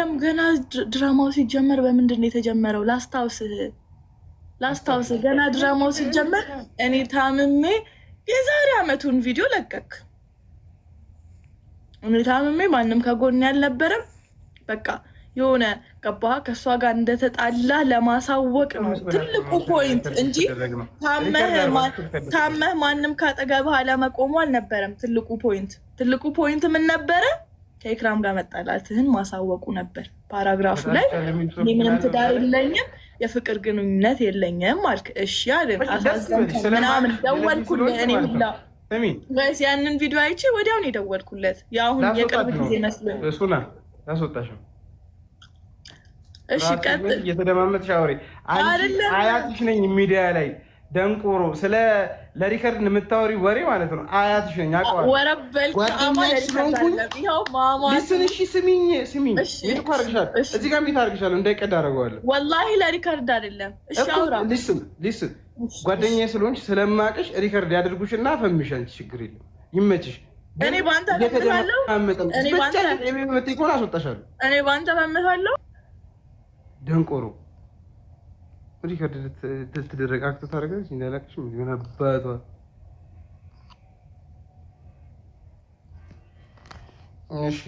አይደለም ገና ድራማው ሲጀመር በምንድን ነው የተጀመረው? ላስታውስህ ላስታውስህ ገና ድራማው ሲጀመር እኔ ታምሜ የዛሬ አመቱን ቪዲዮ ለቀክ። እኔ ታምሜ ማንም ከጎን ያልነበረም በቃ የሆነ ገባ ከእሷ ጋር እንደተጣላ ለማሳወቅ ነው ትልቁ ፖይንት እንጂ ታመህ ማንም ካጠገብህ አለመቆሙ አልነበረም። ትልቁ ፖይንት ትልቁ ፖይንት ምን ነበረ? ከኢክራም ጋር መጣላትህን ማሳወቁ ነበር። ፓራግራፉ ላይ ምንም ትዳር የለኝም የፍቅር ግንኙነት የለኝም አልክ። እሺ አልን። አሳዘንኩ ምናምን ደወልኩልህ እኔ ሁላ ወይስ ያንን ቪዲዮ አይቼ ወዲያውን የደወልኩለት የአሁን የቅርብ ጊዜ መስሎኝ እሱና ያስወጣሽ እሺ ቀጥል። እየተደማመጥሽ አውሪ። አያትሽ ነኝ ሚዲያ ላይ ደንቆሮ ስለ ለሪከርድ የምታወሪ ወሬ ማለት ነው። አያት ነኝ አውቀዋለሁ። ስሚኝ ስሚኝ፣ ይልኩ አርግሻለሁ። እዚህ ጋር ቤት አርግሻል እንዳይቀድ አደርገዋለሁ። ወላሂ ለሪከርድ አይደለም። ሊስን ሊስን፣ ጓደኛዬ ስለሆንሽ ስለማቅሽ ሪከርድ ያደርጉሽ እና ፈምሻንች ችግር የለም ይመችሽ። እኔ በአንተ እፈምታለሁ፣ እኔ በአንተ እፈምታለሁ። ደንቆሮ ሪከርድ ልትደረግ አክቶ ታደረገች ምን ሆን አባቷ እሺ።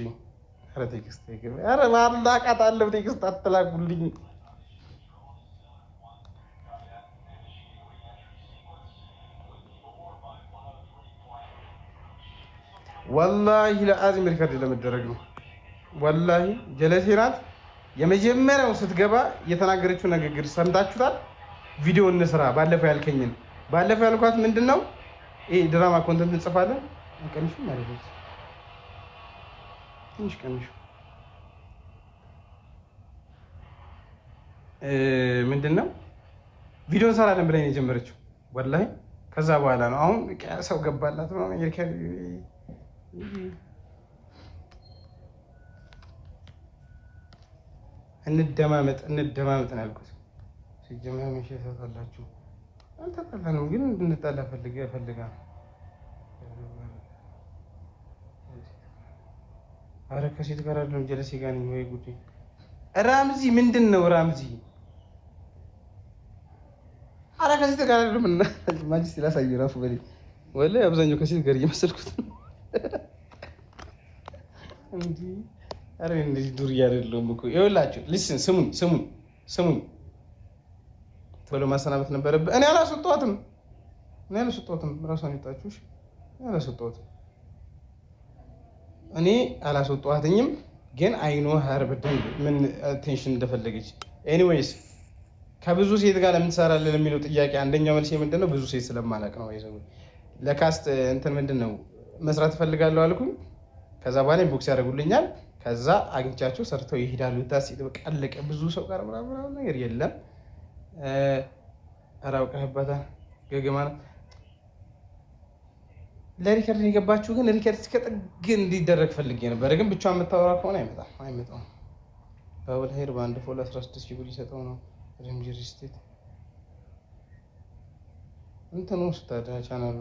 ኧረ ቴክስት አይገባ። ኧረ ማላቃት አለው ቴክስት አትላኩልኝ። ወላሂ ለአዚም ሪከርድ ለመደረግ ነው። ወላሂ ጀለሴ ናት። የመጀመሪያው ስትገባ የተናገረችው ንግግር ሰምታችሁታል። ቪዲዮ እንስራ ባለፈው ያልከኝን። ባለፈው ያልኳት ምንድን ነው? ይሄ ድራማ ኮንተንት እንጽፋለን። ቀንሹ ማለት ነው። ትንሽ ቀንሹ። ምንድን ነው ቪዲዮ እንሰራለን የጀመረችው። ወላሂ ከዛ በኋላ ነው አሁን ሰው ገባላት ነው እንደማመጥ እንደማመጥ ነው ያልኩት። ሲጀመር መቼ ተጣላችሁ? አልተጣላንም፣ ግን እንድንጣላ ፈልገ ፈልጋ አረ ከሴት ጋር አይደለም ጀለሴ ጋር ነኝ ወይ ጉዴ። ራምዚ ምንድን ነው ራምዚ? አረ ከሴት ጋር አይደለም እና ማጅስ ላሳየው እራሱ በሌ ወላሂ አብዛኛው ከሴት ጋር እየመሰልኩት ነው እንዲህ አረ እንደዚህ ዱር እያደለውም እኮ ይኸውላችሁ፣ ሊስን ስሙኝ ስሙኝ ስሙኝ። ቶሎ ማሰናበት ነበረብህ። እኔ አላስወጣሁትም፣ እኔ አላስወጣሁትም። ራሷን ይጣችሁሽ፣ እኔ አላስወጣሁትም፣ እኔ አላስወጣኋትኝም። ግን አይኖ ሀር በደንብ ምን ቴንሽን እንደፈለገች። ኤኒዌይስ ከብዙ ሴት ጋር ለምን ትሰራለህ የሚለው ጥያቄ አንደኛው መልስ ምንድን ነው? ብዙ ሴት ስለማላቅ ነው። ይዘው ለካስት እንትን ምንድን ነው መስራት እፈልጋለሁ አልኩኝ። ከዛ በኋላ ቦክስ ያደርጉልኛል ከዛ አግኝቻቸው ሰርተው ይሄዳሉ። ታሲት ቀለቀ። ብዙ ሰው ጋር ምናምን ነገር የለም። ኧረ አውቀህበታል ገገማ ለሪከርድ የገባችሁ ግን ሪከርድ እስከ እንዲደረግ ፈልጌ ነበረ። ግን ብቻ የምታወራ ከሆነ አይመጣም አይመጣም። ባቡል ሄር በአንድ ፎል 16 ሺህ ብር ይሰጠው ነው። ሪምጅ ሪስቴት እንትኑ ስታዳ ቻናሉ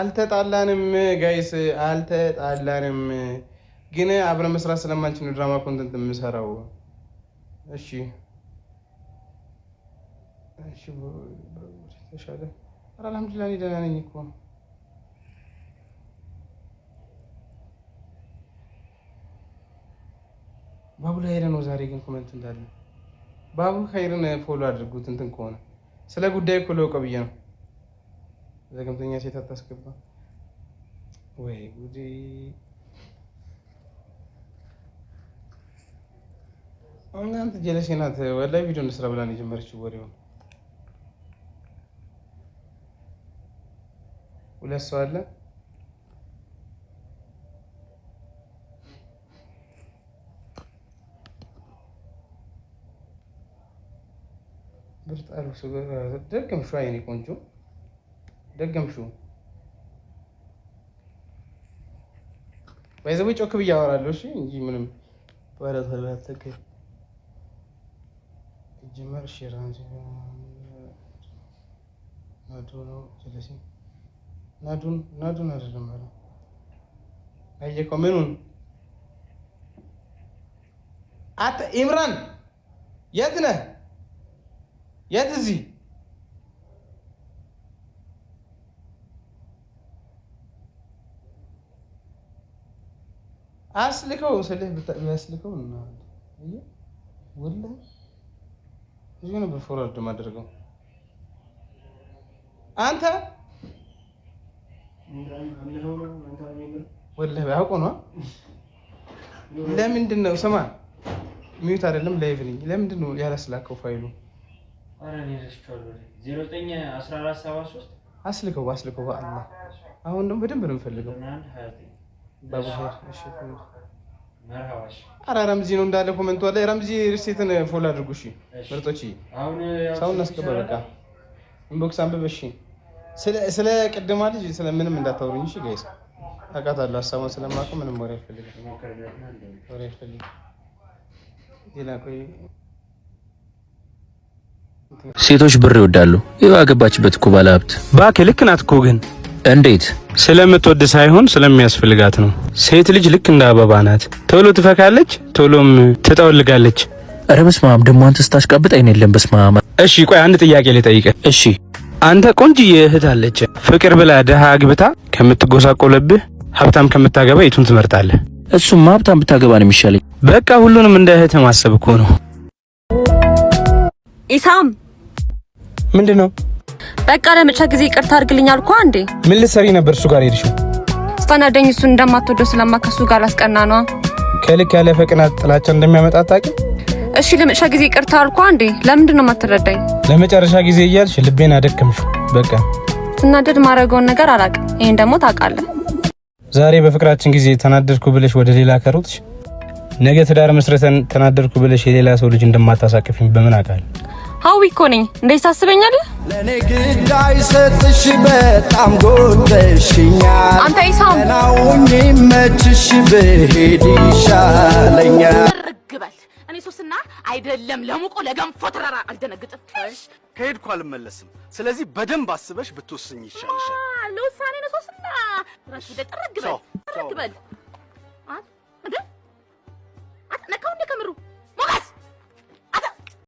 አልተጣላንም ጋይስ፣ አልተጣላንም። ግን አብረ መስራት ስለማንችን ነው ድራማ ኮንተንት የምሰራው። እሺ እሺ፣ ተሻለ። ኧረ አልሐምዱሊላህ እኔ ደህና ነኝ እኮ ባቡል ሀይር ነው ዛሬ ግን ኮመንት እንዳለ ባቡል ሀይረን ፎሎ አድርጉት። እንትን ከሆነ ስለ ጉዳይ እኮ ለውቀው ብዬ ነው ዘገምተኛ ሴት አታስገባ ወይ ጉዲ እናንተ ጀለሴ ናት። ወላሂ ቪዲዮ እንስራ ብላን የጀመረችው ወሬውን ሁለት ሰው አለ ብርጣሉ ደግም ምሹ አይኔ ቆንጆ ደገምሽው። ባይዘ ወይ ጮክ ብዬ አወራለሁ። እሺ እንጂ ምንም ናዱን ናዱን አይደለም አለ አየህ ምኑን አት ኢምራን የት ነህ? የት እዚህ አስልከው ስልህ ቢያስልከው ወላሂ እዚሁ ነበር ፎርዋርድ አንተ ወላሂ አውቆ ነው። ለምንድን ነው ስማ፣ ሚዩት አይደለም ላይቭ ነኝ። ለምንድን ነው ያላስላከው ፋይሉ? አስልከው አስልከው፣ በአላህ አሁን ደግሞ በደንብ ነው የምፈልገው አረ ረምዚ ነው እንዳለ ኮመንቱ አለ። ረምዚ ሪሴትን ፎሎ አድርጉ። እሺ ምርጦች፣ ሰው እናስገባ። በቃ ኢንቦክስ አንብብ። እሺ ስለ ቅድማ ልጅ ስለ ምንም እንዳታወሩኝ። እሺ ጋይስ ሀሳቧን ስለማውቀው ምንም ወሬ አልፈልግም፣ ሴቶች ብር ይወዳሉ። ይኸው አገባችበት እኮ ባለ ሀብት ባክ። ልክ ናት እኮ ግን እንዴት ስለምትወድ ሳይሆን ስለሚያስፈልጋት ነው። ሴት ልጅ ልክ እንደ አበባ ናት። ቶሎ ትፈካለች፣ ቶሎም ትጠወልጋለች። ኧረ በስመ አብ ደግሞ አንተ ስታሽቀብጥ አይን የለም። በስመ አብ። እሺ ቆይ አንድ ጥያቄ ልጠይቅህ። እሺ አንተ ቆንጅዬ እህት አለች ፍቅር ብላ ድሃ አግብታ ከምትጎሳቆለብህ ሀብታም ከምታገባ የቱን ትመርጣለህ? እሱ ሀብታም ብታገባ ነው የሚሻለኝ። በቃ ሁሉንም እንደ እህት ማሰብ እኮ ነው ኢሳም። ምንድን ነው በቃ ለመጨረሻ ጊዜ ይቅርታ አድርግልኛል አልኩ አንዴ። ምን ልትሰሪ ነበር እሱ ጋር ሄድሽ? ስታናደኝ እሱን እንደማትወደው ስለማከሱ ጋር አስቀና ነዋ። ከልክ ያለ ቅናት ጥላቻ እንደሚያመጣ አታውቂም? እሺ ለመጨረሻ ጊዜ ይቅርታ አልኩ አንዴ። ለምንድን ነው የማትረዳኝ? ለመጨረሻ ጊዜ እያልሽ ልቤን አደከምሽ። በቃ ስናደድ ማድረገውን ነገር አላውቅም። ይሄን ደግሞ ታውቃለህ። ዛሬ በፍቅራችን ጊዜ ተናደድኩ ብለሽ ወደ ሌላ ከሮጥሽ ነገ ትዳር መስረተን ተናደድኩ ብለሽ የሌላ ሰው ልጅ እንደማታሳቅፊኝ በምን አውቃለሁ? ሀዊ እኮ ነኝ እንዴት ታስበኛለህ? ለኔ ግዳይ ሰጥሽ በጣም ጎተሽኛል። አንተ ኢሳም ናውኝ መችሽ ብሄድ ይሻለኛል። ርግበል እኔ ሶስና አይደለም ለሙቆ ለገንፎ ተራራ አልደነግጥም። ከሄድኩ አልመለስም። ስለዚህ በደንብ አስበሽ ብትወስኝ ይሻልሻል። ለውሳኔ ነው ሶስና ራሽ ወደ ርግበል ርግበል አት ነካው እንደ ከምሩ